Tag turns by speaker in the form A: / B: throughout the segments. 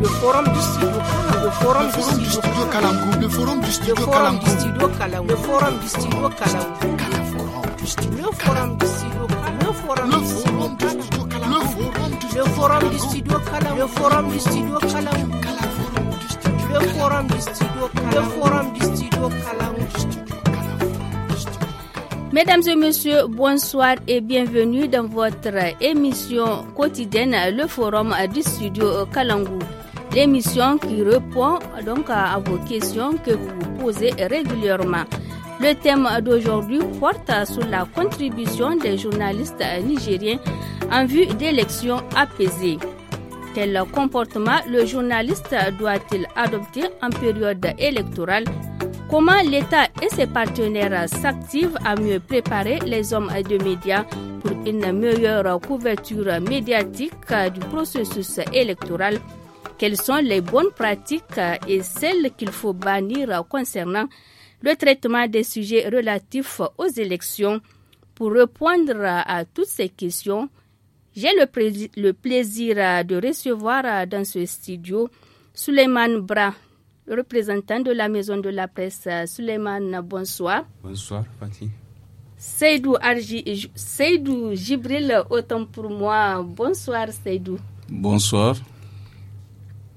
A: le forum du studio Kalangou. le forum du studio Kalangou. le forum du studio Kalangou. le forum du studio Kalangou. le forum du studio Kalangou. le forum du studio Kalangu, le forum du studio Kalangou. le forum du studio Kalangou. le forum du studio Kalangu, le forum du studio Kalangu.
B: Mesdames et messieurs, bonsoir et bienvenue dans votre émission quotidienne, le forum du studio Kalangou l'émission qui répond donc à vos questions que vous posez régulièrement. Le thème d'aujourd'hui porte sur la contribution des journalistes nigériens en vue d'élections apaisées. Quel comportement le journaliste doit-il adopter en période électorale Comment l'État et ses partenaires s'activent à mieux préparer les hommes de médias pour une meilleure couverture médiatique du processus électoral quelles sont les bonnes pratiques euh, et celles qu'il faut bannir concernant le traitement des sujets relatifs aux élections. Pour répondre à toutes ces questions, j'ai le, plaisir euh, de recevoir euh, dans ce studio Suleiman Bra, représentant de la Maison de la Presse. Suleiman, bonsoir.
C: Bonsoir, Fatih.
B: Seydou, Seydou Jibril, autant pour moi. Bonsoir, Seydou.
D: Bonsoir.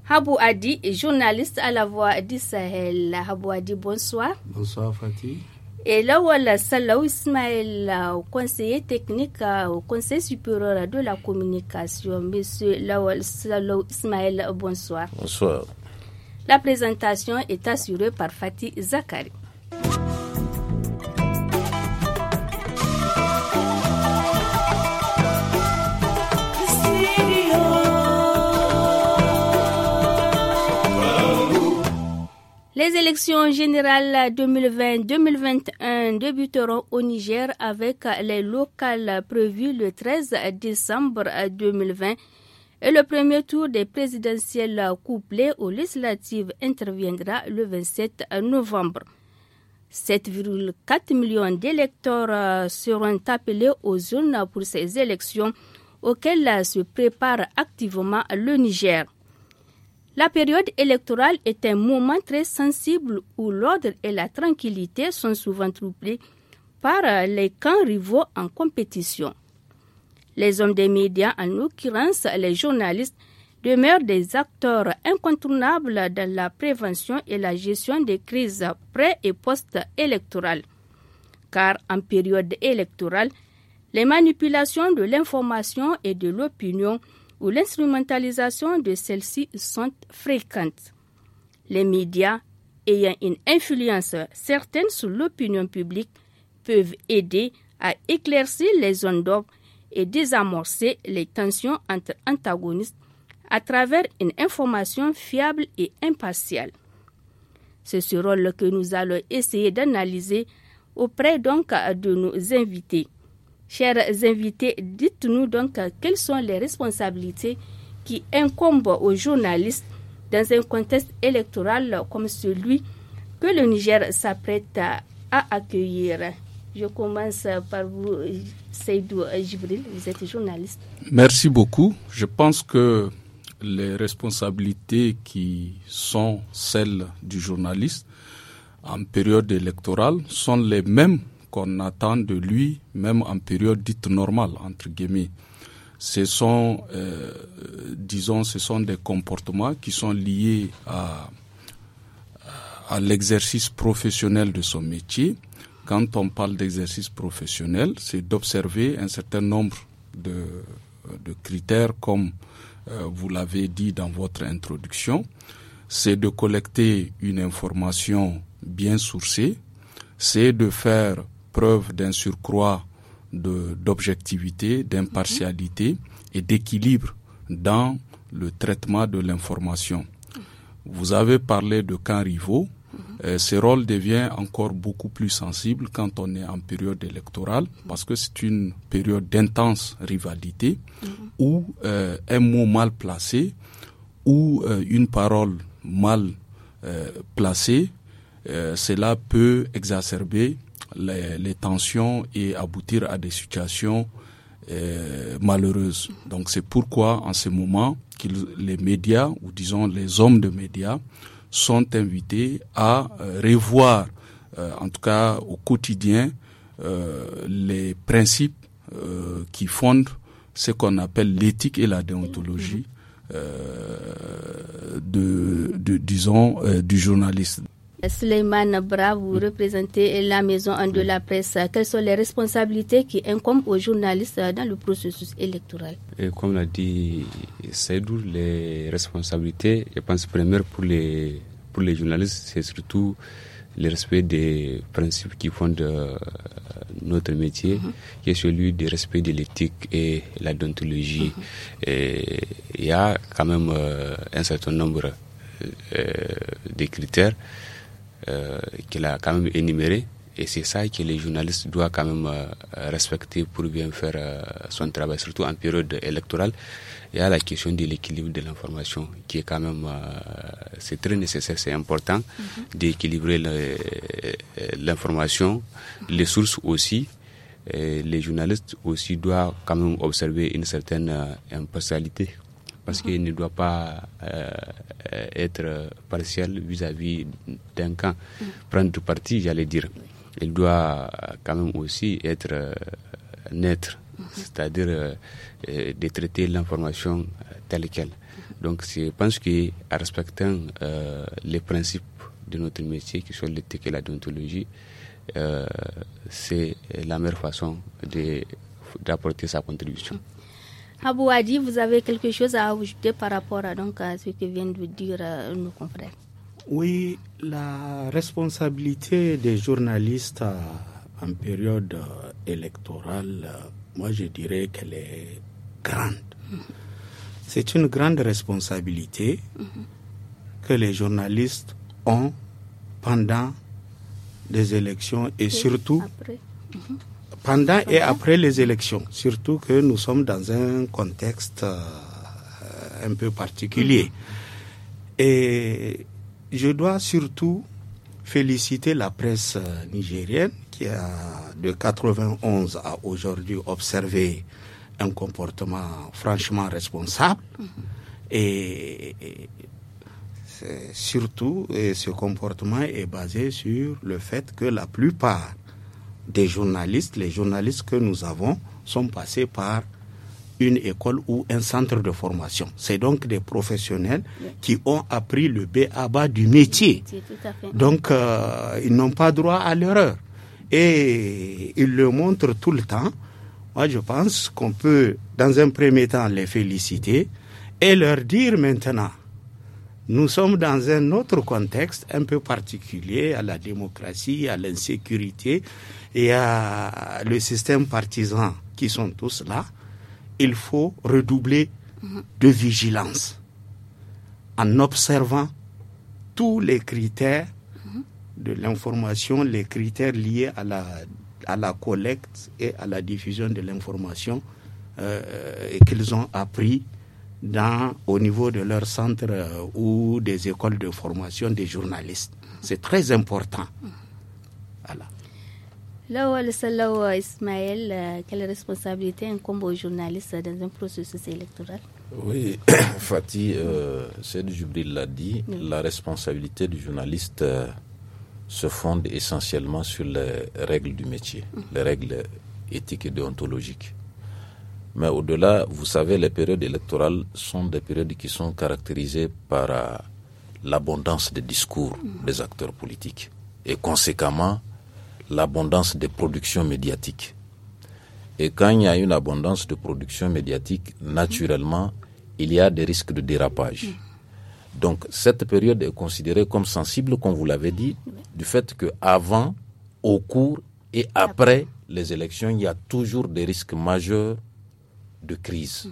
B: Habou Adi, journaliste à la voix d'Israël. Habou Adi, bonsoir.
E: Bonsoir Fatih.
B: Et là, voilà, Ismail, euh, conseiller technique euh, au Conseil supérieur de la communication. Monsieur Lawal Salah Ismail, bonsoir. Bonsoir. La présentation est assurée par Fatih Zakari. Les élections générales 2020-2021 débuteront au Niger avec les locales prévues le 13 décembre 2020 et le premier tour des présidentielles couplées aux législatives interviendra le 27 novembre. 7,4 millions d'électeurs seront appelés aux urnes pour ces élections auxquelles se prépare activement le Niger. La période électorale est un moment très sensible où l'ordre et la tranquillité sont souvent troublés par euh, les camps rivaux en compétition. Les hommes des médias, en l'occurrence les journalistes, demeurent des acteurs incontournables dans la prévention et la gestion des crises pré- et post-électorales. Car en période électorale, les manipulations de l'information et de l'opinion où l'instrumentalisation de celles-ci sont fréquentes. Les médias ayant une influence certaine sur l'opinion publique peuvent aider à éclaircir les zones d'ombre et désamorcer les tensions entre antagonistes à travers une information fiable et impartiale. C'est ce rôle que nous allons essayer d'analyser auprès donc de nos invités. Chers invités, dites-nous donc euh, quelles sont les responsabilités qui incombent aux journalistes dans un contexte électoral comme celui que le Niger s'apprête à accueillir. Je commence par vous, Seydou Jibril, vous êtes journaliste.
D: Merci beaucoup. Je pense que les responsabilités qui sont celles du journaliste en période électorale sont les mêmes qu'on attend de lui, même en période dite normale, entre guillemets. Ce sont, euh, disons, ce sont des comportements qui sont liés à, l'exercice professionnel de son métier. Quand on parle d'exercice professionnel, c'est d'observer un certain nombre de, critères comme euh, vous l'avez dit dans votre introduction, c'est de collecter une information bien sourcée, c'est de faire preuve d'un surcroît d'objectivité, d'impartialité et d'équilibre dans le traitement de l'information. Vous avez parlé de camps rivaux. Mm-hmm. Euh, ce rôle devient encore beaucoup plus sensible quand on est en période électorale mm-hmm. parce que c'est une période d'intense rivalité mm-hmm. où euh, un mot mal placé ou euh, une parole mal placée, cela peut exacerber les, tensions et aboutir à des situations euh, malheureuses. Donc c'est pourquoi en ce moment les médias, ou disons les hommes de médias, sont invités à euh, revoir, euh, en tout cas au quotidien, les principes qui fondent ce qu'on appelle l'éthique et la déontologie. De, disons du journaliste.
B: Suleymane Bra, vous représentez la maison de la presse. Quelles sont les responsabilités qui incombent aux journalistes dans le processus électoral
C: Comme l'a dit Saïdou, les responsabilités, je pense, première pour les, pour les journalistes, c'est surtout le respect des principes qui fondent euh, notre métier, mhm. qui est celui du respect de l'éthique et la dontologie. Mhm. il y a quand même euh, un certain nombre euh, de critères euh, qu'il a quand même énuméré Et c'est ça que les journalistes doivent quand même euh, respecter pour bien faire euh, son travail, surtout en période électorale. Il y a la question de l'équilibre de l'information qui est quand même, c'est très nécessaire, c'est important mhm. d'équilibrer l'information, les sources aussi. Et les journalistes aussi doivent quand même observer une certaine impartialité parce qu'il ne doit pas euh, être partiel vis-à-vis d'un camp, prendre tout parti, j'allais dire. Il doit quand même aussi être euh, neutre, c'est-à-dire euh, de traiter l'information telle qu'elle. Donc je pense qu'en respectant les principes de notre métier, qui sont l'éthique et la déontologie, c'est la meilleure façon d'apporter sa contribution.
B: Abou Adi, vous avez quelque chose à ajouter par rapport à, donc, ce que vient de dire euh, nos confrères
E: Oui, la responsabilité des journalistes euh, en période euh, électorale, moi je dirais qu'elle est grande. Mm-hmm. C'est une grande responsabilité
F: mm-hmm.
E: que les journalistes ont pendant des élections et, surtout mm-hmm pendant et après les élections. Surtout que nous sommes dans un contexte euh, un peu particulier. Mm. Et je dois surtout féliciter la presse euh, nigérienne qui a de 91 à aujourd'hui observé un comportement franchement responsable mm-hmm. et surtout ce comportement est basé sur le fait que la plupart des journalistes, les journalistes que nous avons sont passés par une école ou un centre de formation. C'est donc des professionnels qui ont appris le bas du métier. donc, euh, ils n'ont pas droit à l'erreur. Et ils le montrent tout le temps. Moi, je pense qu'on peut, dans un premier temps, les féliciter et leur dire maintenant, nous sommes dans un autre contexte un peu particulier à la démocratie, à l'insécurité et à le système partisan qui sont tous là. Il faut redoubler de vigilance en observant tous les critères de l'information, les critères liés à la, à la collecte et à la diffusion de l'information euh, euh, qu'ils ont appris dans, au niveau de leur centre euh, ou des écoles de formation des journalistes. C'est très important.
B: Voilà. Lawal Ismaël, euh, quelle responsabilité incombe aux journalistes dans un processus électoral
G: Oui, Fatih, euh, Céd Jubril l'a dit, la responsabilité du journaliste euh, se fonde essentiellement sur les règles du métier, mm-hmm. les règles éthiques et déontologiques. Mais au-delà, vous savez, les périodes électorales sont des périodes qui sont caractérisées par euh, l'abondance des discours des acteurs politiques et conséquemment l'abondance des productions médiatiques. Et quand il y a une abondance de production médiatique, naturellement, il y a des risques de dérapage. Donc cette période est considérée comme sensible, comme vous l'avez dit, du fait que avant, au cours et après les élections, il y a toujours des risques majeurs de crise.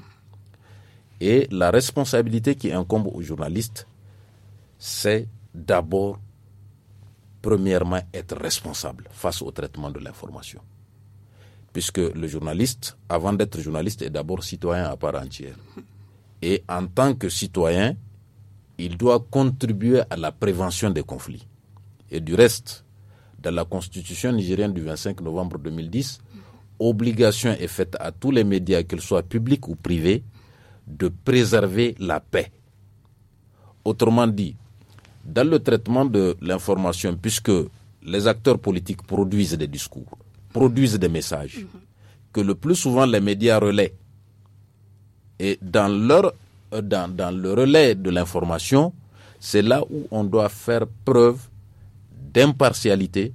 G: Et la responsabilité qui incombe aux journalistes, c'est d'abord, premièrement, être responsable face au traitement de l'information. Puisque le journaliste, avant d'être journaliste, est d'abord citoyen à part entière. Et en tant que citoyen, il doit contribuer à la prévention des conflits. Et du reste, dans la constitution nigérienne du 25 novembre 2010, obligation est faite à tous les médias, qu'ils soient publics ou privés, de préserver la paix. Autrement dit, dans le traitement de l'information, puisque les acteurs politiques produisent des discours, produisent des messages, mhm. que le plus souvent les médias relaient. Et dans, leur, euh, dans, dans le relais de l'information, c'est là où on doit faire preuve d'impartialité,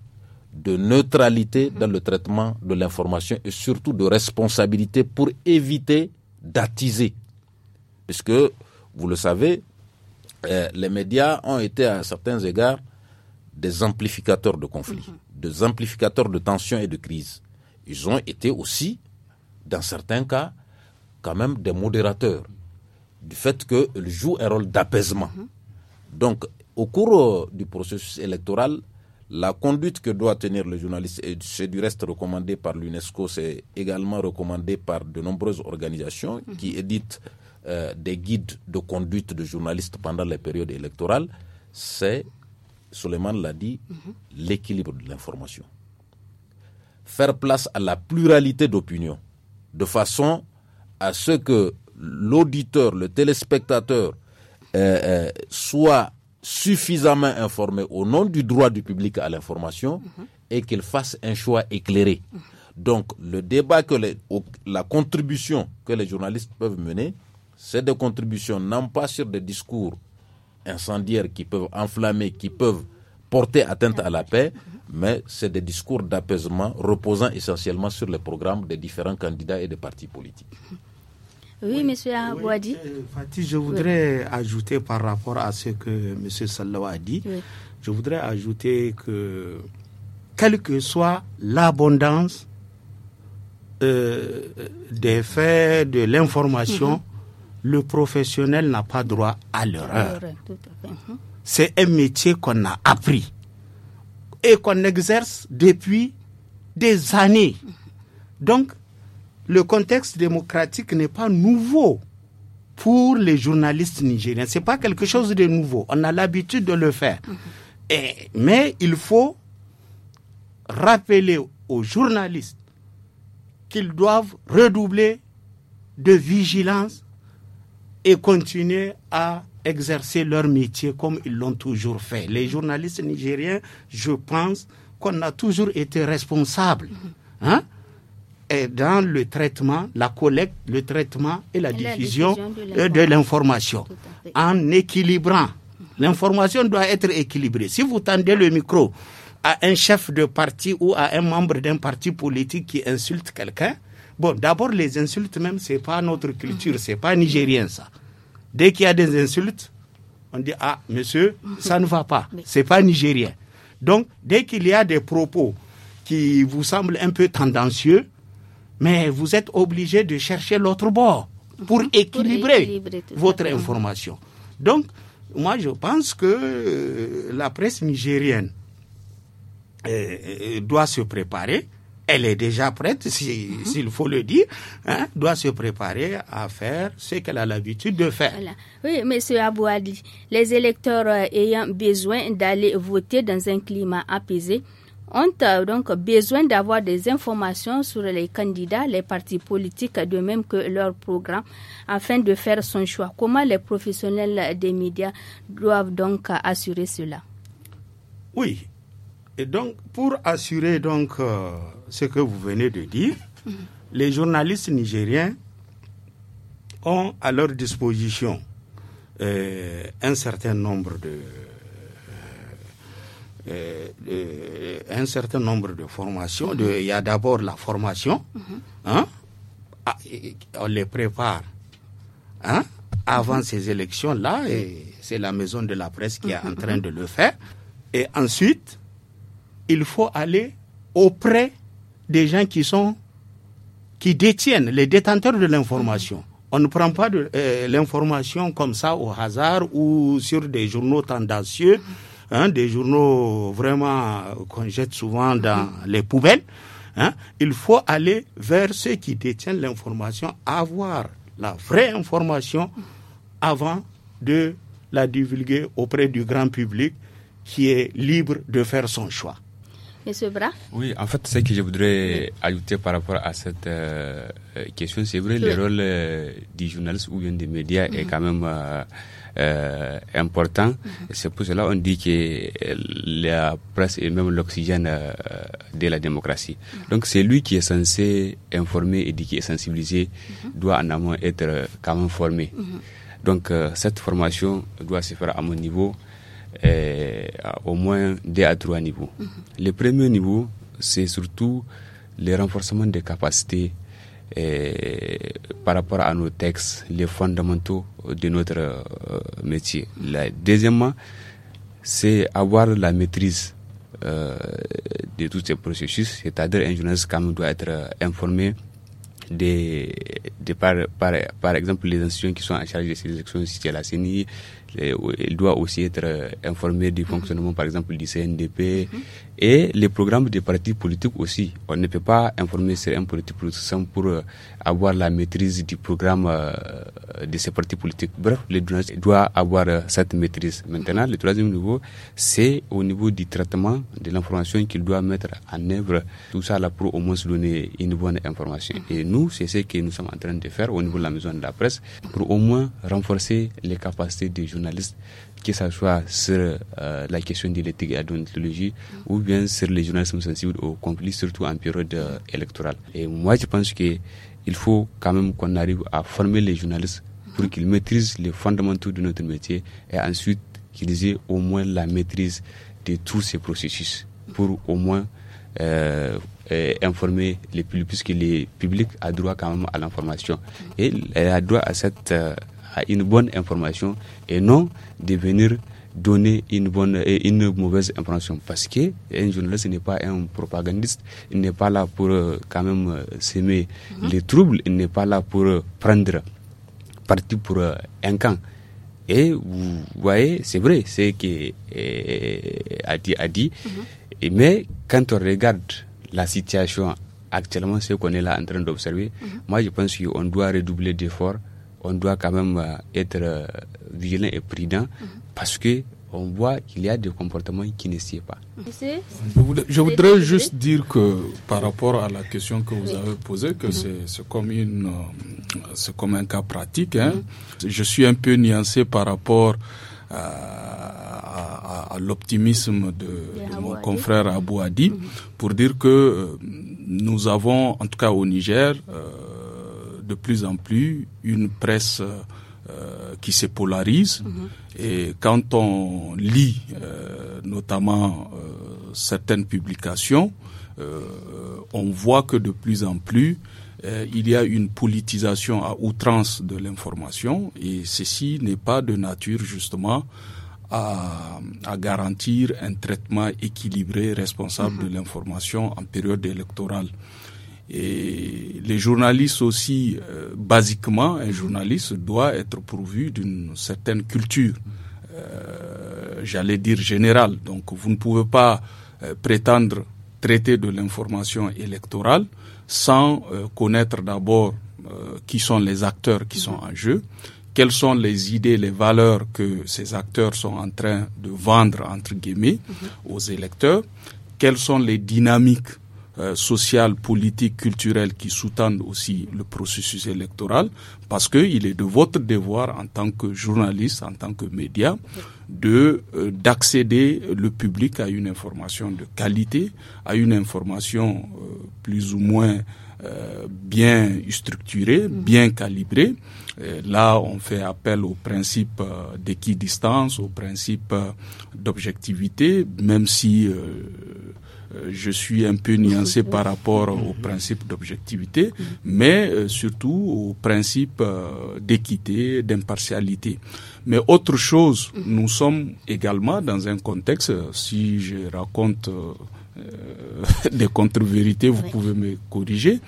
G: de neutralité dans le traitement de l'information et surtout de responsabilité pour éviter d'attiser. Puisque, vous le savez, euh, les médias ont été à certains égards des amplificateurs de conflits, mhm. des amplificateurs de tensions et de crises. Ils ont été aussi, dans certains cas, quand même des modérateurs, du fait qu'ils jouent un rôle d'apaisement. Mhm. Donc, au cours euh, du processus électoral, la conduite que doit tenir le journaliste, et c'est du reste recommandé par l'UNESCO, c'est également recommandé par de nombreuses organisations mhm. qui éditent euh, des guides de conduite de journalistes pendant les périodes électorales, c'est, Suleiman l'a dit, mhm. l'équilibre de l'information. Faire place à la pluralité d'opinions, de façon à ce que l'auditeur, le téléspectateur, euh, euh, soit suffisamment informés au nom du droit du public à l'information mhm. et qu'ils fassent un choix éclairé. Mhm. Donc le débat que la contribution que les journalistes peuvent mener, c'est des contributions non pas sur des discours incendiaires qui peuvent enflammer, qui peuvent porter atteinte à la mhm. paix, mais c'est des discours d'apaisement reposant essentiellement sur les programmes des différents candidats et des partis politiques.
B: Oui, monsieur Abouadi. Euh, Fatih, je
E: voudrais ajouter par rapport à ce que monsieur Sallaw a dit, je voudrais ajouter que quelle que soit l'abondance euh, des faits, de l'information, mm-hmm. le professionnel n'a pas droit à l'erreur.
F: Mm-hmm.
E: C'est un métier qu'on a appris et qu'on exerce depuis des années. Mm-hmm. Donc, le contexte démocratique n'est pas nouveau pour les journalistes nigériens. Ce n'est pas quelque chose de nouveau. On a l'habitude de le faire. Mhm. mais il faut rappeler aux journalistes qu'ils doivent redoubler de vigilance et continuer à exercer leur métier comme ils l'ont toujours fait. Les journalistes nigériens, je pense qu'on a toujours été responsables. Mhm. Hein? est dans le traitement, la collecte, le traitement et la, diffusion, de euh, l'information, en équilibrant. L'information doit être équilibrée. Si vous tendez le micro à un chef de parti ou à un membre d'un parti politique qui insulte quelqu'un, bon, d'abord les insultes même, c'est pas notre culture, c'est pas nigérien ça. Dès qu'il y a des insultes, on dit ah monsieur, ça ne va pas, c'est pas nigérien. Donc dès qu'il y a des propos qui vous semblent un peu tendancieux, mais vous êtes obligé de chercher l'autre bord pour équilibrer, votre information. Donc, moi, je pense que euh, la presse nigérienne euh, euh, doit se préparer. Elle est déjà prête, mhm. s'il faut le dire, hein, doit se préparer à faire ce qu'elle a l'habitude de faire.
B: Oui, Monsieur Abouadi, les électeurs ayant besoin d'aller voter dans un climat apaisé, ont donc besoin d'avoir des informations sur les candidats, les partis politiques, de même que leur programme, afin de faire son choix. Comment les professionnels des médias doivent donc assurer cela
E: Oui. Et donc, pour assurer donc euh, ce que vous venez de dire, mm-hmm. les journalistes nigériens ont à leur disposition euh, un certain nombre de euh, euh, un certain nombre de formations. il y a d'abord la formation. Mhm. Hein, ah, on les prépare hein, avant ces élections-là, et c'est la maison de la presse qui est en mhm. train de le faire. Et ensuite, il faut aller auprès des gens qui sont qui détiennent les détenteurs de l'information. Mhm. On ne prend pas de euh, l'information comme ça au hasard ou sur des journaux tendancieux Hein, des journaux vraiment qu'on jette souvent dans les poubelles. Hein, il faut aller vers ceux qui détiennent l'information, avoir la vraie information avant de la divulguer auprès du grand public qui est libre de faire son choix.
B: Monsieur Bra
C: Oui, en fait, ce que je voudrais ajouter par rapport à cette euh, question, c'est vrai, le rôle euh, du journaliste ou bien des médias est mhm. quand même... Euh, euh, important. Mhm. c'est pour cela on dit que euh, la presse est même l'oxygène euh, de la démocratie. Mhm. Donc c'est lui qui est censé informer, et éduquer, sensibiliser, mhm. doit en amont être quand même formé. Donc cette formation doit se faire à mon niveau, au moins deux à trois niveaux. Le premier niveau, c'est surtout le renforcement des capacités par rapport à nos textes, les fondamentaux de notre euh, métier. La, deuxièmement, c'est avoir la maîtrise euh, de tous ces processus, c'est-à-dire un journaliste quand doit être euh, informé des, des par, par, exemple les institutions qui sont en charge de ces élections, si c'est la CNI il doit aussi être euh, informé du mm-hmm. fonctionnement, par exemple, du CNDP mm-hmm. et les programmes des partis politiques aussi. On ne peut pas informer sur un parti politique pour euh, avoir la maîtrise du programme euh, de ces partis politiques. Bref, le journaliste doit avoir cette maîtrise. Maintenant, le troisième niveau, c'est au niveau du traitement de l'information qu'il doit mettre en œuvre. Tout ça là pour au moins se donner une bonne information. Mm-hmm. Et nous, c'est ce que nous sommes en train de faire au niveau de la maison de la presse pour au moins renforcer les capacités des journalistes que ce soit sur euh, la question de l'éthique et de mm. ou bien sur les journalistes sensibles au conflit surtout en période euh, électorale. Et moi, je pense que il faut quand même qu'on arrive à former les journalistes pour mm-hmm. qu'ils maîtrisent les fondamentaux de notre métier et ensuite qu'ils aient au moins la maîtrise de tous ces processus pour au moins euh, informer les publics, puisque les publics a droit quand même à l'information. Mm-hmm. Et a droit à cette une bonne information et non de venir donner une bonne et une mauvaise information parce que un journaliste n'est pas un propagandiste il n'est pas là pour euh, quand même euh, semer s'aimer mhm. les troubles il n'est pas là pour euh, prendre parti pour un camp et vous voyez c'est vrai c'est que a dit a dit mhm. mais quand on regarde la situation actuellement ce qu'on est là en train d'observer mhm. moi je pense qu'on doit redoubler d'efforts on doit quand même euh, être euh, vigilant et prudent mhm. parce que on voit qu'il y a des comportements qui ne pas. Je voudrais, juste dire que par rapport à la question que vous avez posée, que mhm. c'est comme,
D: une, euh, comme un cas pratique, hein. mhm. je suis un peu nuancé par rapport à, l'optimisme de, mon confrère Abou Adi pour dire que nous avons, en tout cas au Niger, de plus en plus une presse euh, qui se polarise. Mhm. Et quand on lit euh, notamment euh, certaines publications, on voit que de plus en plus, il y a une politisation à outrance de l'information et ceci n'est pas de nature justement à, garantir un traitement équilibré, responsable mhm. de l'information en période électorale. Et les journalistes aussi, euh, basiquement, un journaliste doit être pourvu d'une certaine culture, euh, j'allais dire générale. Donc vous ne pouvez pas euh, prétendre traiter de l'information électorale sans connaître d'abord qui sont les acteurs qui sont en jeu, quelles sont les idées, les valeurs que ces acteurs sont en train de vendre, entre guillemets, aux électeurs, quelles sont les dynamiques euh, social, politique, culturelle qui sous-tendent aussi le processus électoral, parce qu'il est de votre devoir en tant que journaliste, en tant que média, de euh, d'accéder le public à une information de qualité, à une information euh, plus ou moins bien structurée, bien calibrée. là, on fait appel au principe d'équidistance, au principe d'objectivité, même si euh, je suis un peu nuancé par mhm. rapport au principe d'objectivité, mhm. mais euh, surtout au principe euh, d'équité, d'impartialité. Mais autre chose, mhm. nous sommes également dans un contexte, si je raconte des contre-vérités, vous pouvez me corriger.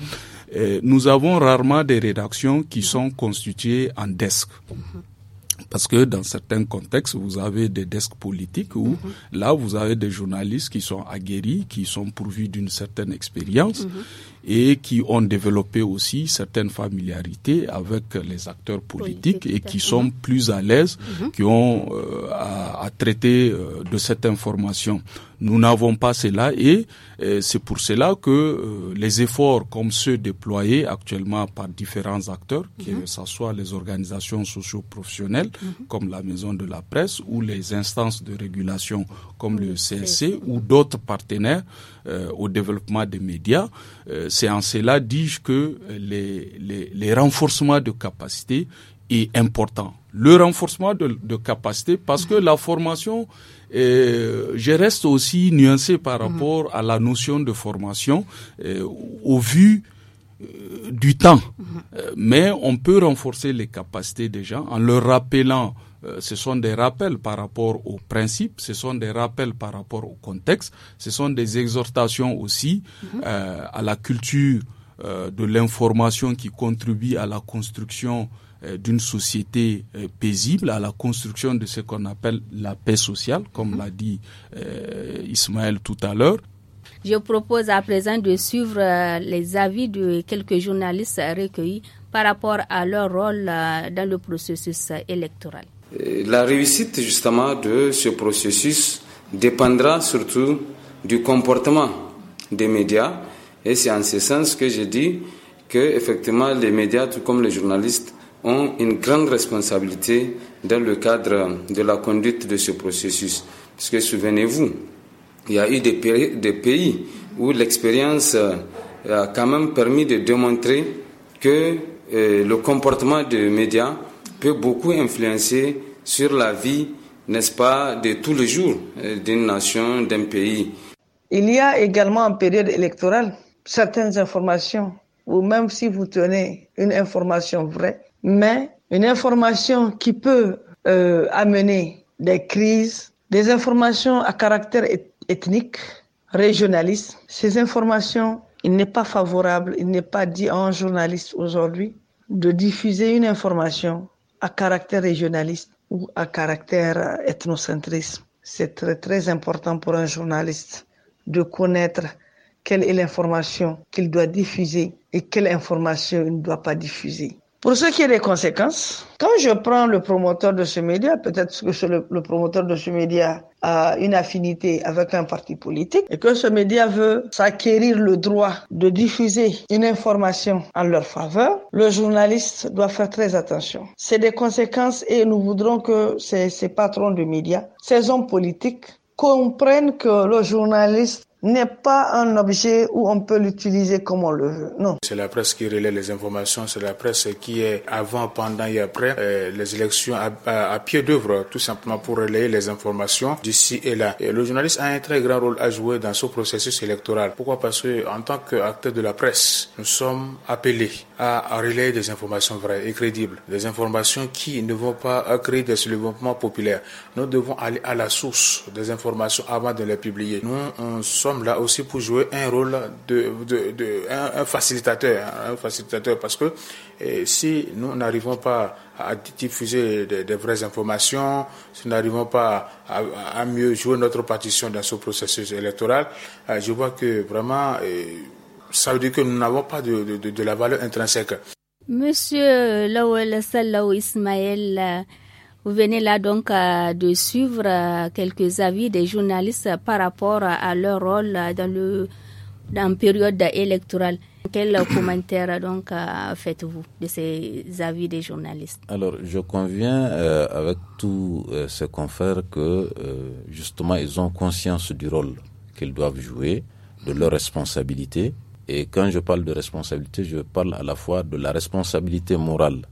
D: nous avons rarement des rédactions qui sont constituées en desk. Parce que dans certains contextes, vous avez des desks politiques où mhm. là, vous avez des journalistes qui sont aguerris, qui sont pourvus d'une certaine expérience mhm. et qui ont développé aussi certaines familiarités avec les acteurs politiques et qui sont plus à l'aise, mhm. qui ont euh, à, traiter euh, de cette information. Nous n'avons pas cela et euh, c'est pour cela que euh, les efforts comme ceux déployés actuellement par différents acteurs, que ce mhm. soit les organisations socio-professionnelles mhm. comme la Maison de la Presse ou les instances de régulation comme le CSC ou d'autres partenaires euh, au développement des médias, c'est en cela, dis-je, que les, les, renforcements de capacité est important. Le renforcement de, de capacité parce que mhm. la formation et euh, je reste aussi nuancé par mhm. rapport à la notion de formation euh, au vu euh, du temps. Mhm. mais on peut renforcer les capacités des gens en leur rappelant ce sont des rappels par rapport aux principes, ce sont des rappels par rapport au contexte, ce sont des exhortations aussi mhm. à la culture de l'information qui contribue à la construction euh, d'une société euh, paisible à la construction de ce qu'on appelle la paix sociale, comme l'a dit euh, Ismaël tout à l'heure.
B: Je propose à présent de suivre les avis de quelques journalistes recueillis par rapport à leur rôle dans le processus électoral.
G: La
C: réussite justement de ce processus dépendra surtout du comportement des médias et c'est en ce sens que je dis que effectivement les médias tout comme les journalistes ont une grande responsabilité dans le cadre de la conduite de ce processus. Parce que souvenez-vous, il y a eu des pays, où l'expérience euh, a quand même permis de démontrer que euh, le comportement des médias peut beaucoup influencer sur la vie, n'est-ce pas, de tous les jours euh, d'une nation, d'un pays.
A: Il y a également en période électorale certaines informations, ou même si vous tenez une information vraie, mais une information qui peut euh, amener des crises, des informations à caractère ethnique, régionaliste, ces informations, il n'est pas favorable, il n'est pas dit à un journaliste aujourd'hui de diffuser une information à caractère régionaliste ou à caractère ethnocentriste. C'est très important pour un journaliste de connaître quelle est l'information qu'il doit diffuser et quelle information il ne doit pas diffuser. Pour ce qui est des conséquences, quand je prends le promoteur de ce média, peut-être que le, promoteur de ce média a une affinité avec un parti politique et que ce média veut s'acquérir le droit de diffuser une information en leur faveur, le journaliste doit faire très attention. C'est des conséquences et nous voudrons que ces, ces patrons de médias, ces hommes politiques comprennent que le journaliste n'est pas un objet où on peut l'utiliser comme on le veut. Non.
D: C'est la presse qui relaie les informations, c'est la presse qui est avant, pendant et après euh, les élections à, pied d'œuvre, tout simplement pour relayer les informations d'ici et là. Et le journaliste a un très grand rôle à jouer dans ce processus électoral. Pourquoi Parce que en tant qu'acteur de la presse, nous sommes appelés à relayer des informations vraies et crédibles, des informations qui ne vont pas euh, créer des soulèvements populaires. Nous devons aller à la source des informations avant de les publier. Nous sommes là aussi pour jouer un rôle de, de, de un, facilitateur, hein, un facilitateur, parce que eh, si nous n'arrivons pas à diffuser des, vraies informations, si nous n'arrivons pas à, mieux jouer notre partition dans ce processus électoral, euh, je vois que vraiment eh, ça veut dire que nous n'avons pas de, la valeur intrinsèque.
B: Monsieur Lawel Salaw Ismaël, euh, vous venez là donc euh, de suivre euh, quelques avis des journalistes par rapport à leur rôle dans le période électorale. Quel commentaire donc faites-vous de ces avis des journalistes
G: Alors, je conviens avec tous ce ces confrères que justement ils ont conscience du rôle qu'ils doivent jouer, de leur responsabilités et quand je parle de responsabilité, je parle à la fois de la responsabilité morale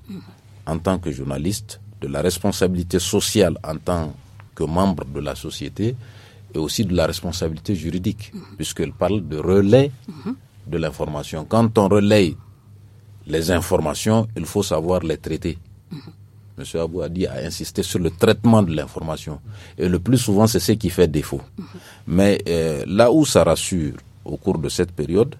G: en tant que journaliste, de la responsabilité sociale en tant que membre de la société, et aussi de la responsabilité juridique, puisqu'elle parle de relais de l'information. Quand on relaie les informations, il faut savoir les traiter. Monsieur Abou a dit, a insisté sur le traitement de l'information. Et le plus souvent, c'est ce qui fait défaut. Mais euh, là où ça rassure au cours de cette période,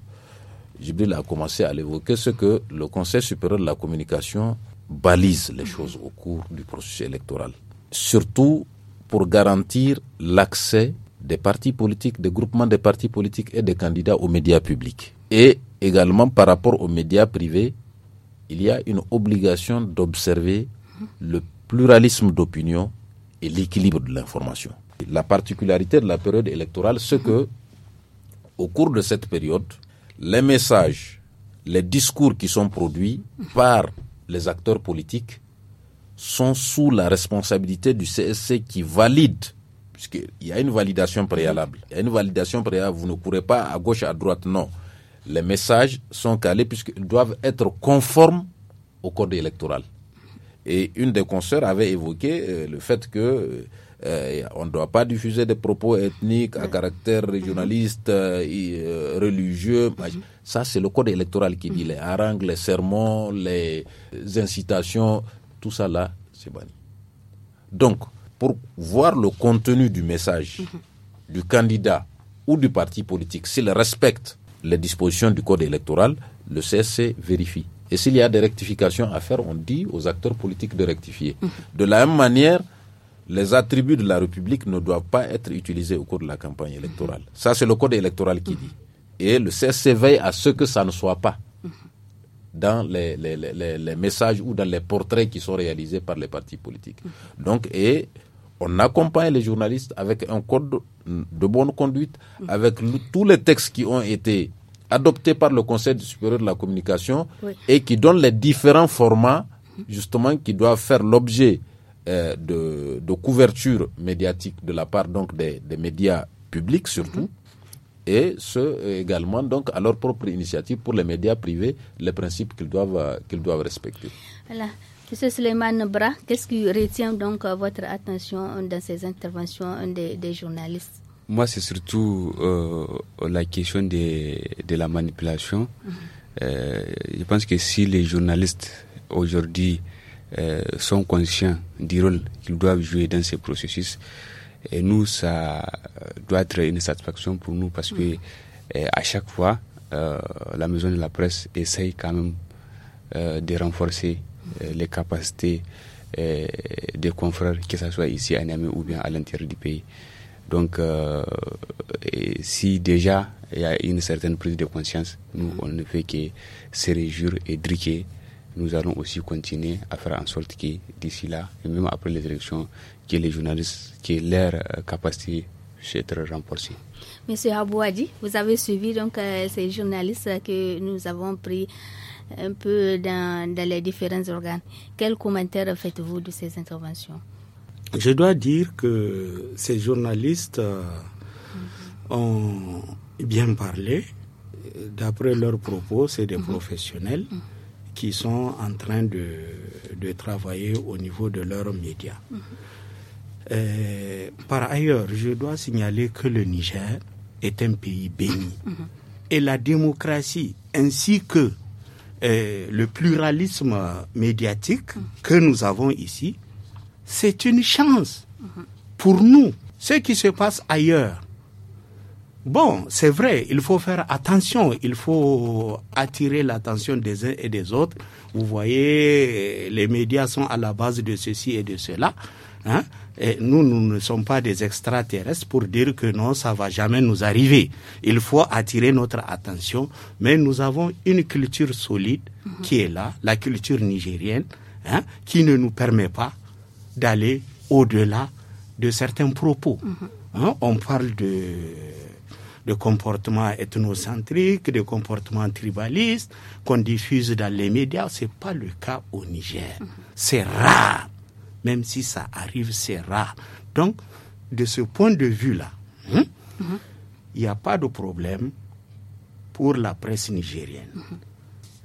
G: Jibril a commencé à l'évoquer, ce que le Conseil supérieur de la communication balise les choses au cours du processus électoral, surtout pour garantir l'accès des partis politiques, des groupements des partis politiques et des candidats aux médias publics. Et également par rapport aux médias privés, il y a une obligation d'observer le pluralisme d'opinion et l'équilibre de l'information. La particularité de la période électorale, c'est que, au cours de cette période, les messages, les discours qui sont produits par les acteurs politiques sont sous la responsabilité du CSC qui valide, puisqu'il y a une validation préalable. Il y a une validation préalable, vous ne courez pas à gauche, à droite, non. Les messages sont calés puisqu'ils doivent être conformes au code électoral. Et une des consoeurs avait évoqué euh, le fait que euh, euh, on ne doit pas diffuser des propos ethniques à caractère mhm. régionaliste, et euh, euh, religieux. Mhm. Ça, c'est le code électoral qui dit mhm. les harangues, les sermons, les incitations, tout ça là, c'est banni. Donc, pour voir le contenu du message du candidat ou du parti politique, s'il respecte les dispositions du code électoral, le CSC vérifie. Et s'il y a des rectifications à faire, on dit aux acteurs politiques de rectifier. De la même manière, les attributs de la République ne doivent pas être utilisés au cours de la campagne électorale. Mhm. Ça, c'est le code électoral qui mhm. dit. Et le CSC veille à ce que ça ne soit pas mhm. dans les, messages ou dans les portraits qui sont réalisés par les partis politiques. Donc, on accompagne les journalistes avec un code de bonne conduite, avec tous les textes qui ont été adoptés par le Conseil supérieur de la communication et qui donnent les différents formats, justement, qui doivent faire l'objet euh, de, couverture médiatique de la part donc des, médias publics surtout. Mhm. et ce également donc à leur propre initiative pour les médias privés les principes qu'ils doivent euh, qu'ils doivent respecter.
B: Voilà. Monsieur Suleiman Bra, qu'est-ce qui retient donc euh, votre attention dans ces interventions des, journalistes
C: Moi, c'est surtout la question de la manipulation. Mhm. je pense que si les journalistes aujourd'hui euh, sont conscients du rôle qu'ils doivent jouer dans ces processus. Et nous, ça euh, doit être une satisfaction pour nous parce que euh, à chaque fois, la maison de la presse essaye quand même de renforcer les capacités des confrères, que ce soit ici à Niamey ou bien à l'intérieur du pays. Donc, si déjà il y a une certaine prise de conscience, nous, on ne fait que se réjouir et driquer nous allons aussi continuer à faire en sorte que d'ici là, et même après les élections, que les journalistes, que leur euh, capacité soit remportée.
B: Monsieur Abouadi, vous avez suivi donc euh, ces journalistes que nous avons pris un peu dans, les différents organes. Quels commentaires faites-vous de ces interventions
E: Je dois dire que ces journalistes euh, mm-hmm. ont bien parlé. D'après leurs propos, c'est des mm-hmm. professionnels. Mm-hmm qui sont en train de, travailler au niveau de leurs médias. Mhm. Euh, par ailleurs, je dois signaler que le Niger est un pays béni. Mhm. Et la démocratie, ainsi que euh, le pluralisme médiatique mhm. que nous avons ici, c'est une chance pour nous. Ce qui se passe ailleurs Bon, c'est vrai, il faut faire attention, il faut attirer l'attention des uns et des autres. Vous voyez, les médias sont à la base de ceci et de cela. Hein. Et nous, nous ne sommes pas des extraterrestres pour dire que non, ça va jamais nous arriver. Il faut attirer notre attention, mais nous avons une culture solide qui est là, la culture nigérienne, hein, qui ne nous permet pas d'aller au-delà de certains propos. Hein. on parle de de comportements ethnocentriques, de comportements tribalistes qu'on diffuse dans les médias. Ce n'est pas le cas au Niger. Mhm. C'est rare. Même si ça arrive, c'est rare. Donc, de ce point de vue-là, hein, mhm. il n'y a pas de problème pour la presse nigérienne. Mhm.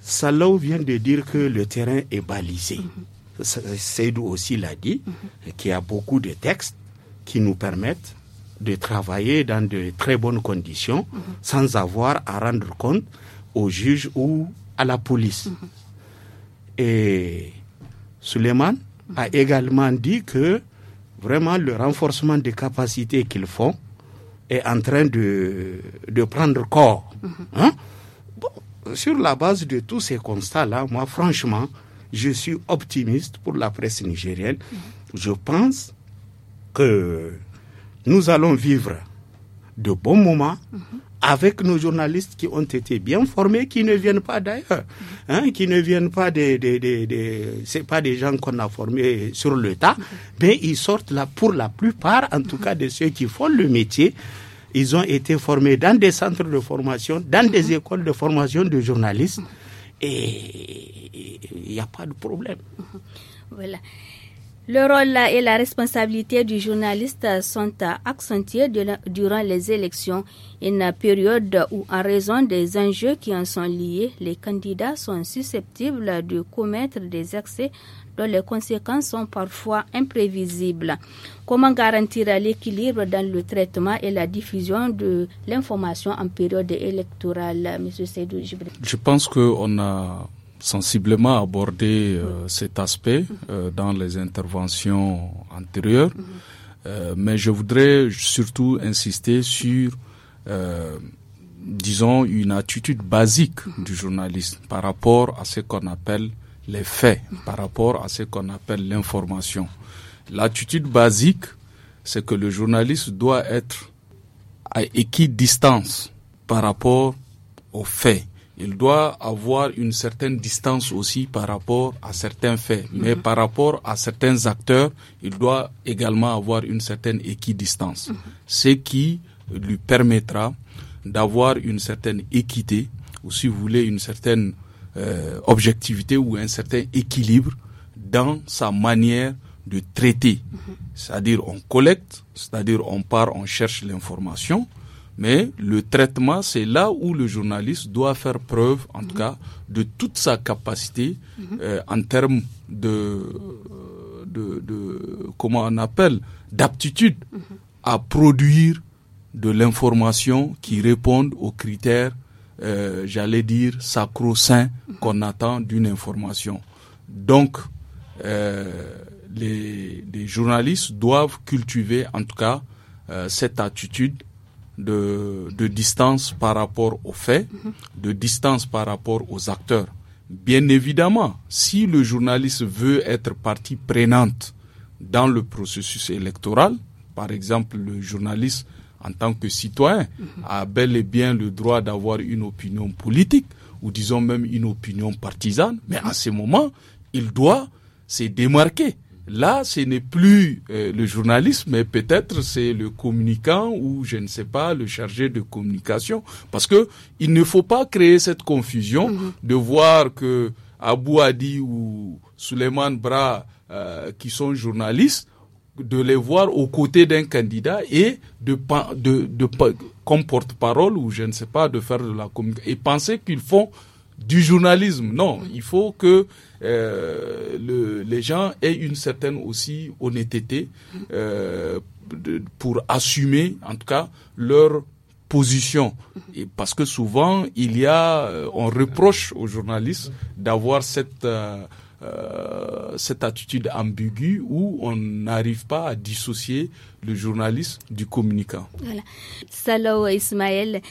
E: Salou vient de dire que le terrain est balisé. aussi l'a dit, qu'il y a beaucoup de textes qui nous permettent de travailler dans de très bonnes conditions mhm. sans avoir à rendre compte au juge ou à la police. Mhm. Et Suleiman mhm. a également dit que vraiment le renforcement des capacités qu'ils font est en train de, de prendre corps. Hein? sur la base de tous ces constats-là, moi franchement, je suis optimiste pour la presse nigérienne. Je pense que nous allons vivre de bons moments avec nos journalistes qui ont été bien formés, qui ne viennent pas d'ailleurs, hein, qui ne viennent pas des, c'est pas des gens qu'on a formés sur le tas, mais ils sortent là pour la plupart, en tout cas de ceux qui font le métier. Ils ont été formés dans des centres de formation, dans des écoles de formation de journalistes,
A: et
E: il n'y a pas de problème.
B: Voilà. Le rôle et la responsabilité du journaliste sont accentués durant les élections, une période où, en raison des enjeux qui en sont liés, les candidats sont susceptibles de commettre des accès dont les conséquences sont parfois imprévisibles. Comment garantir l'équilibre dans le traitement et la diffusion de l'information en période électorale, M. Seydou
D: Je pense qu'on a sensiblement abordé euh, cet aspect euh, dans les interventions antérieures, mhm. euh, mais je voudrais surtout insister sur, disons, une attitude basique mhm. du journaliste par rapport à ce qu'on appelle les faits, mhm. par rapport à ce qu'on appelle l'information. L'attitude basique, c'est que le journaliste doit être à équidistance par rapport aux faits il doit avoir une certaine distance aussi par rapport à certains faits. Mais mhm. par rapport à certains acteurs, il doit également avoir une certaine équidistance. Mhm. Ce qui lui permettra d'avoir une certaine équité, ou si vous voulez, une certaine euh, objectivité ou un certain équilibre dans sa manière de traiter. Mhm. C'est-à-dire on collecte, c'est-à-dire on part, on cherche l'information, mais le traitement, c'est là où le journaliste doit faire preuve, en tout cas, de toute sa capacité euh, en termes euh, de, comment on appelle, d'aptitude à produire de l'information qui réponde aux critères, euh, j'allais dire, sacro-saints qu'on attend d'une information. Donc, les, journalistes doivent cultiver, en tout cas, cette attitude de, distance par rapport aux faits, de distance par rapport aux acteurs. Bien évidemment, si le journaliste veut être partie prenante dans le processus électoral, par exemple le journaliste en tant que citoyen a bel et bien le droit d'avoir une opinion politique ou disons même une opinion partisane, mais à ce moment, il doit se démarquer Là, ce n'est plus euh, le journaliste, mais peut-être c'est le communicant ou je ne sais pas le chargé de communication, parce que il ne faut pas créer cette confusion mhm. de voir que Abou Adi ou Suleiman Bra, euh, qui sont journalistes, de les voir aux côtés d'un candidat et de, de, de, de comme porte-parole ou je ne sais pas de faire de la communication et penser qu'ils font du journalisme. Non, il faut que euh, le, les gens aient une certaine aussi honnêteté euh, pour assumer, en tout cas, leur position. Et parce que souvent, il y a, euh, on reproche aux journalistes d'avoir cette euh, euh, cette attitude ambiguë où on n'arrive pas à dissocier le journaliste du communicant.
B: Voilà. Salam Ismaël,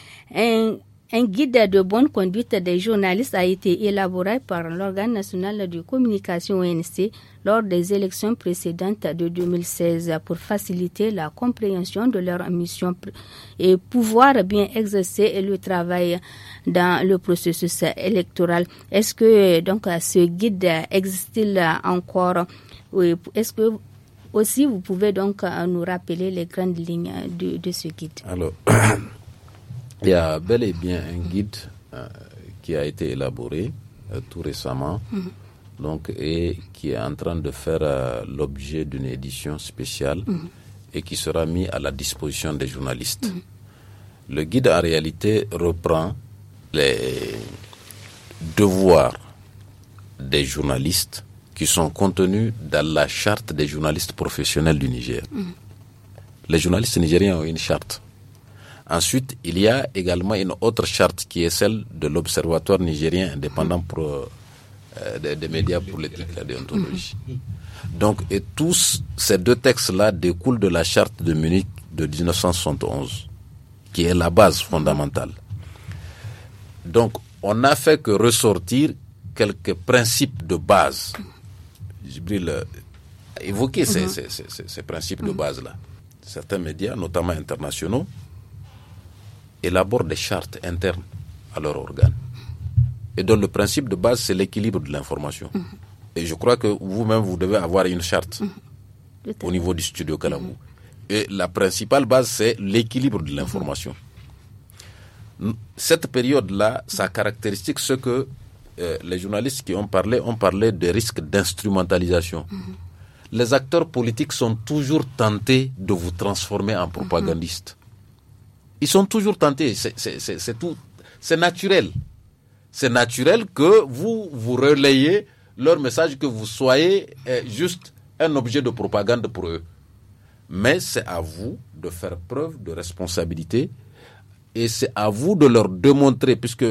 B: un guide de bonne conduite des journalistes a été élaboré par l'Organe national de communication ONC lors des élections précédentes de 2016 pour faciliter la compréhension de leur mission et pouvoir bien exercer le travail dans le processus électoral. Est-ce que donc ce guide existe-t-il encore Est-ce que aussi vous pouvez donc nous rappeler les grandes lignes de, ce guide
G: Il y a bel et bien un guide euh, qui a été élaboré euh, tout récemment, mm-hmm. donc et qui est en train de faire euh, l'objet d'une édition spéciale mm-hmm. et qui sera mis à la disposition des journalistes. Mm-hmm. Le guide en réalité reprend les devoirs des journalistes qui sont contenus dans la charte des journalistes professionnels du Niger. Les journalistes nigériens ont une charte Ensuite, il y a également une autre charte qui est celle de l'Observatoire nigérien indépendant pour, euh, des, médias pour l'éthique et la déontologie. Donc, et tous ces deux textes-là découlent de la charte de Munich de 1971, qui est la base fondamentale. Donc, on n'a fait que ressortir quelques principes de base. Jibril a évoqué ces, principes de base-là. Certains médias, notamment internationaux, élaborent des chartes internes à leur organe. et donc le principe de base, c'est l'équilibre de l'information. Mm-hmm. Et je crois que vous-même, vous devez avoir une charte
F: mm-hmm. au niveau du
G: studio Kalamou. Mm-hmm. Et la principale base, c'est l'équilibre de l'information. Cette période-là, sa caractéristique, ce que euh, les journalistes qui ont parlé ont parlé de risques d'instrumentalisation. Les acteurs politiques sont toujours tentés de vous transformer en propagandiste ils sont toujours tentés. C'est tout. C'est naturel. C'est naturel que vous vous relayez leur message, que vous soyez eh, juste un objet de propagande pour eux. Mais c'est à vous de faire preuve de responsabilité et c'est à vous de leur démontrer, puisque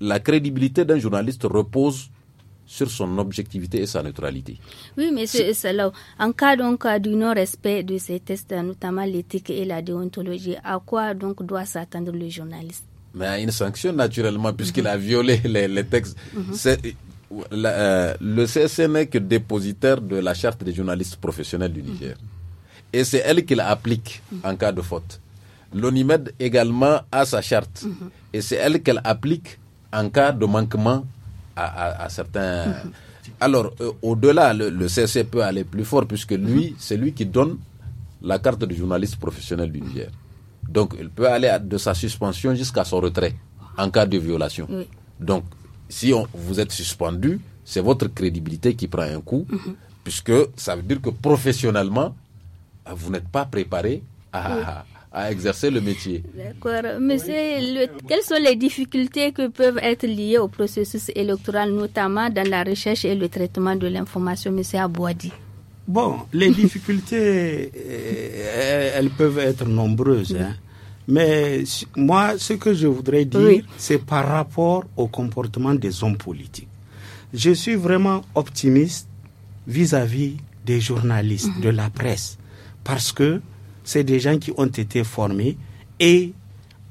G: la crédibilité d'un journaliste repose sur son objectivité et sa neutralité.
B: Oui, mais c'est En cas donc du non-respect de ces tests, notamment l'éthique et la déontologie, à quoi donc doit s'attendre le journaliste
G: Mais à une sanction naturellement, puisqu'il a violé les, textes. Mhm. Euh, le CSC n'est que dépositaire de la charte des journalistes professionnels du Niger. Mhm. Et c'est elle qui l'applique mhm. en cas de faute. L'ONIMED également a sa charte. Et c'est elle qu'elle applique en cas de manquement à, certains. Alors, euh, au-delà, le, CC peut aller plus fort puisque lui, c'est lui qui donne la carte de journaliste professionnel du Niger. Donc, il peut aller de sa suspension jusqu'à son retrait en cas de violation. Donc, si on, vous êtes suspendu, c'est votre crédibilité qui prend un coup, mhm. puisque ça veut dire que professionnellement, vous n'êtes pas préparé à, à exercer le métier.
B: D'accord. Monsieur, quelles sont les difficultés que peuvent être liées au processus électoral, notamment dans la recherche et le traitement de l'information, monsieur Abouadi
E: Bon, les difficultés, euh, elles peuvent être nombreuses. Hein. Mais moi, ce que je voudrais dire, c'est par rapport au comportement des hommes politiques. Je suis vraiment optimiste vis à -vis des journalistes, mm-hmm. de la presse, parce que c'est des gens qui ont été formés et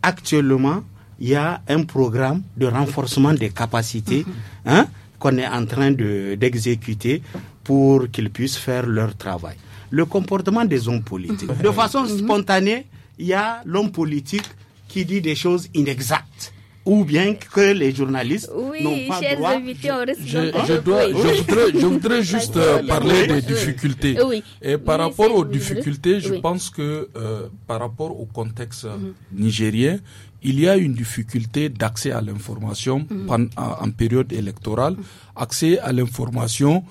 E: actuellement, il y a un programme de renforcement des capacités mhm. hein, qu'on est en train d'exécuter pour qu'ils puissent faire leur travail. Le comportement des hommes politiques. Mhm. De façon mhm. spontanée, il y a l'homme politique qui dit des choses inexactes ou bien que les journalistes n'ont pas droit.
B: je, je, je, voudrais,
D: je voudrais juste euh, parler des
E: difficultés. Et par rapport aux
D: difficultés, je pense que euh, par rapport au contexte mhm. nigérien, il y a une difficulté d'accès à l'information mhm. en, en, période électorale, mhm. accès à l'information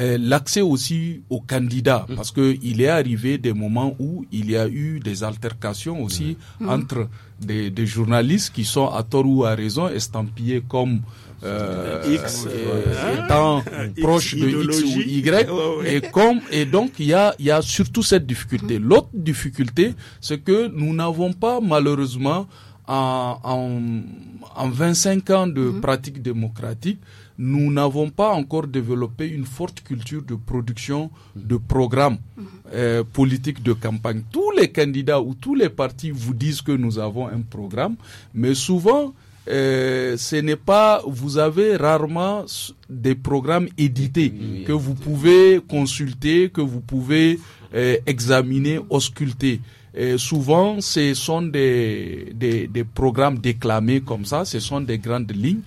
D: euh, l'accès aussi aux candidats, parce qu'il est arrivé des moments où il y a eu des altercations aussi mm. entre des, des, journalistes qui sont à tort ou à raison estampillés comme euh, X, euh, étant proche de X ou Y. Et, comme, et donc, il y a, y a surtout cette difficulté. Mm. L'autre difficulté, c'est que nous n'avons pas malheureusement en, en 25 ans de mm. pratique démocratique, nous n'avons pas encore développé une forte culture de production de programmes mhm. euh, politiques de campagne. Tous les candidats ou tous les partis vous disent que nous avons un programme, mais souvent, euh, ce n'est pas, vous avez rarement des programmes édités que vous pouvez consulter, que vous pouvez euh, examiner, ausculter. souvent, ce sont des, des programmes déclamés comme ça, ce sont des grandes lignes.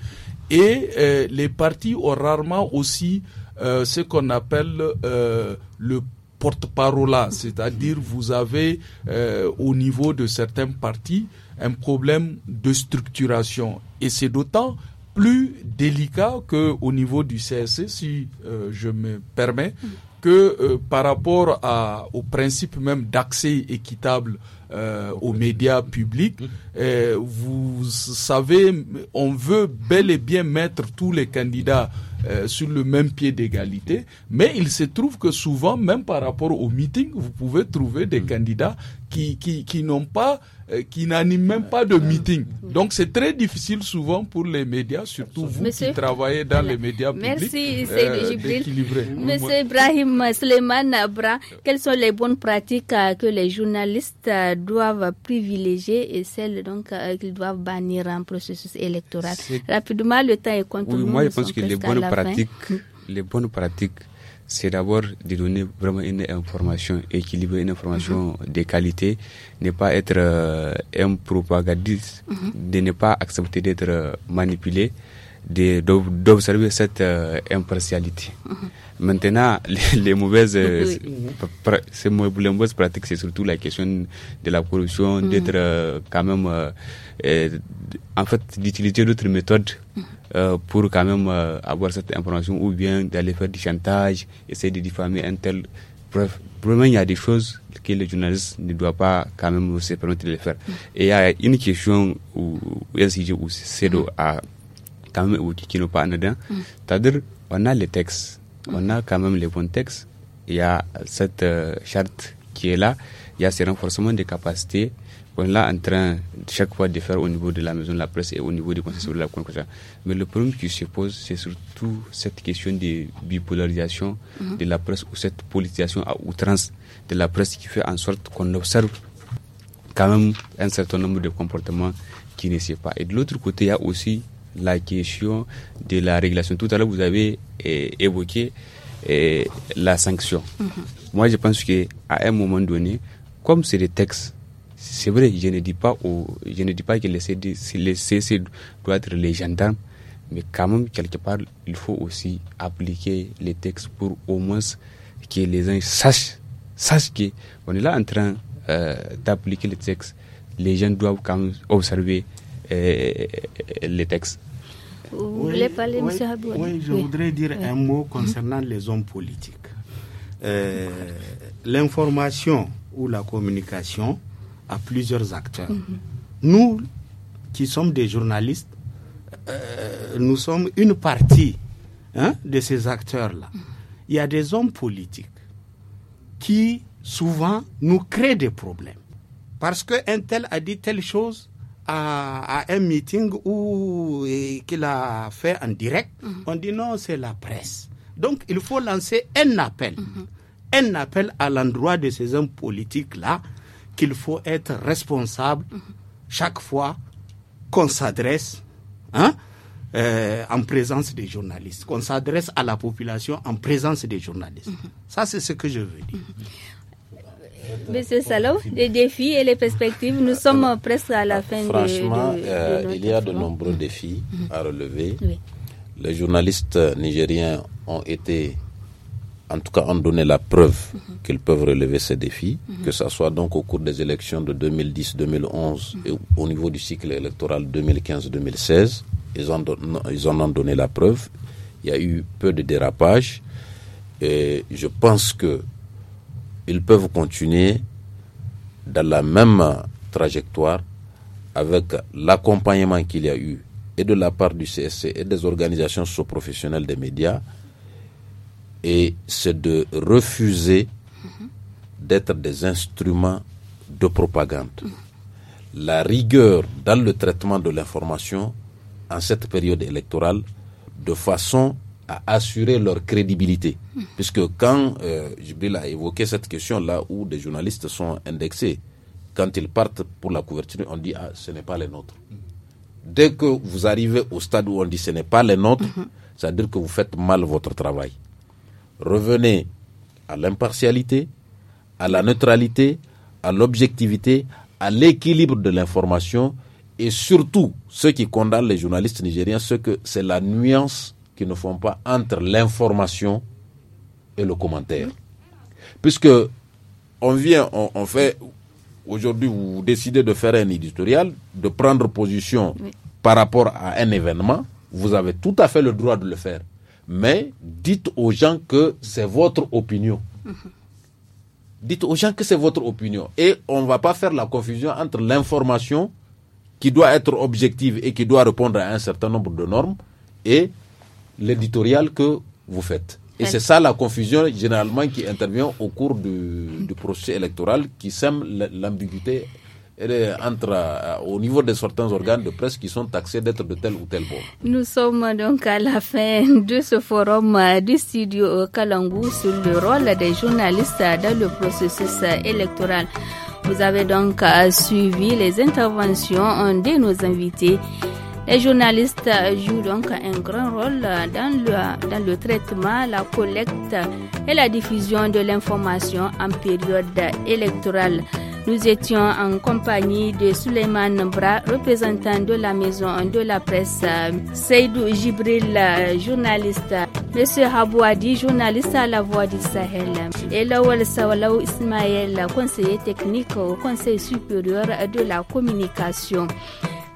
D: Et euh, les partis ont rarement aussi euh, ce qu'on appelle euh, le porte-parole c'est-à-dire vous avez au niveau de certains partis un problème de structuration. Et c'est d'autant plus délicat que au niveau du CSC, e, si je me permets, que par rapport au principe même d'accès équitable euh, aux médias publics. Euh, vous savez, on veut bel et bien mettre tous les candidats euh, sur le même pied d'égalité, mais il se trouve que souvent, même par rapport au meeting, vous pouvez trouver des mm. candidats qui, n'ont pas, euh, qui n'animent même pas de meeting. Donc c'est très difficile souvent pour les médias, surtout vous qui travaillez dans les médias publics, Merci, euh, c'est Monsieur
B: Ibrahim Sleman Abra, quelles sont les bonnes pratiques euh, que les journalistes doivent privilégier et celles donc qu'ils doivent bannir en processus électoral Rapidement, le temps est compté. Oui, moi je pense que les bonnes pratiques,
C: les bonnes pratiques c'est d'abord de donner vraiment une information équilibrée, une information mhm. de qualité, de qualité, ne pas être euh, un propagandiste, mhm. de ne pas accepter d'être euh, manipulé, d'observer cette euh, impartialité. Mhm. Maintenant, les, mauvaises, ces mauvaises pratiques, c'est surtout la question de la corruption, d'être quand même, en fait, d'utiliser d'autres méthodes euh, pour quand même euh, avoir cette information ou bien d'aller faire du chantage, essayer de diffamer un tel. Bref, vraiment, il y a des choses que le journaliste ne doit pas quand même se permettre de les faire. Et il y a une question ou un sujet aussi, quand même, qui n'est pas anodin. C'est-à-dire, on a les textes, on a quand même les bons textes. Il y a cette euh, charte qui est là, il y a ce renforcement des capacités on est là en train chaque fois de faire au niveau de la maison de la presse et au niveau du conseil de la ça Mais le problème qui se pose, c'est surtout cette question de bipolarisation mhm. de la presse ou cette politisation à outrance de la presse qui fait en sorte qu'on observe quand même un certain nombre de comportements qui ne sont pas. Et de l'autre côté, il y a aussi la question de la régulation. Tout à l'heure, vous avez eh, évoqué eh, la sanction. Mhm. Moi, je pense qu'à un moment donné, comme c'est des textes c'est vrai, je ne dis pas, au, je ne dis pas que le CC doit être les mais quand même, quelque part, il faut aussi appliquer les textes pour au moins que les gens sachent, sachent qu'on est là en train euh, d'appliquer les textes. Les gens doivent quand même observer euh, les textes.
F: Vous voulez parler, M. Oui, je voudrais dire un
E: mot concernant mhm. les hommes politiques. Euh, l'information ou la communication à plusieurs acteurs. Mhm. Nous, qui sommes des journalistes, euh, nous sommes une partie hein, de ces acteurs-là. Il y a des hommes politiques qui, souvent, nous créent des problèmes. Parce qu'un tel a dit telle chose à, un meeting ou qu'il a fait en direct, mhm. on dit non, c'est la presse. Donc, il faut lancer un appel. Mhm. Un appel à l'endroit de ces hommes politiques-là qu'il faut être responsable chaque fois qu'on s'adresse hein, euh, en présence des journalistes, qu'on s'adresse à la population en présence des journalistes. Ça, c'est ce que je veux dire.
B: Euh, Monsieur Salov, les défis et les perspectives, nous sommes presque à la fin de, Franchement, euh, il
G: y a de nombreux défis à relever. Les journalistes nigériens ont été en tout cas, ont donné la preuve mhm. qu'ils peuvent relever ces défis, mhm. que ce soit donc au cours des élections de 2010-2011 mhm. et au niveau du cycle électoral 2015-2016. Ils, ont ils en ont donné la preuve. Il y a eu peu de dérapages. Et je pense que ils peuvent continuer dans la même trajectoire avec l'accompagnement qu'il y a eu et de la part du CSC et des organisations sous-professionnelles des médias et c'est de refuser d'être des instruments de propagande. La rigueur dans le traitement de l'information en cette période électorale de façon à assurer leur crédibilité. Puisque quand euh, Jibril a évoqué cette question-là où des journalistes sont indexés, quand ils partent pour la couverture, on dit ah, ce n'est pas les nôtres. Dès que vous arrivez au stade où on dit ce n'est pas les nôtres, mhm. ça veut dire que vous faites mal votre travail revenez à l'impartialité, à la neutralité, à l'objectivité, à l'équilibre de l'information et surtout, ceux qui condamnent les journalistes nigériens, c'est que c'est la nuance qu'ils ne font pas entre l'information et le commentaire. Puisque on vient, on, fait, aujourd'hui vous décidez de faire un éditorial, de prendre position par rapport à un événement, vous avez tout à fait le droit de le faire mais dites aux gens que c'est votre opinion. Dites aux gens que c'est votre opinion. Et on ne va pas faire la confusion entre l'information qui doit être objective et qui doit répondre à un certain nombre de normes et l'éditorial que vous faites. Et c'est ça la confusion généralement qui intervient au cours du, du procès électoral qui sème l'ambiguïté elle entre, euh, au niveau de certains organes de presse qui sont taxés d'être de tel ou tel bord.
B: Nous sommes donc à la fin de ce forum du studio Kalangou sur le rôle des journalistes dans le processus électoral. Vous avez donc euh, suivi les interventions de nos invités. Les journalistes jouent donc un grand rôle dans le, dans le traitement, la collecte et la diffusion de l'information en période électorale. Nous étions en compagnie de Suleiman Bra, représentant de la maison de la presse, euh, Seydou Jibril, euh, journaliste, Monsieur Habouadi, journaliste à la voix du Sahel, et Lawal Sawalaou Ismaël, conseiller technique au Conseil supérieur de la communication.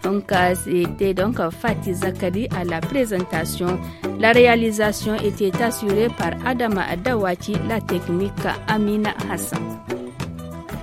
B: Donc, euh, c'était donc Fatih Zakari à la présentation. La réalisation était assurée par Adama Dawati, la technique Amina Hassan.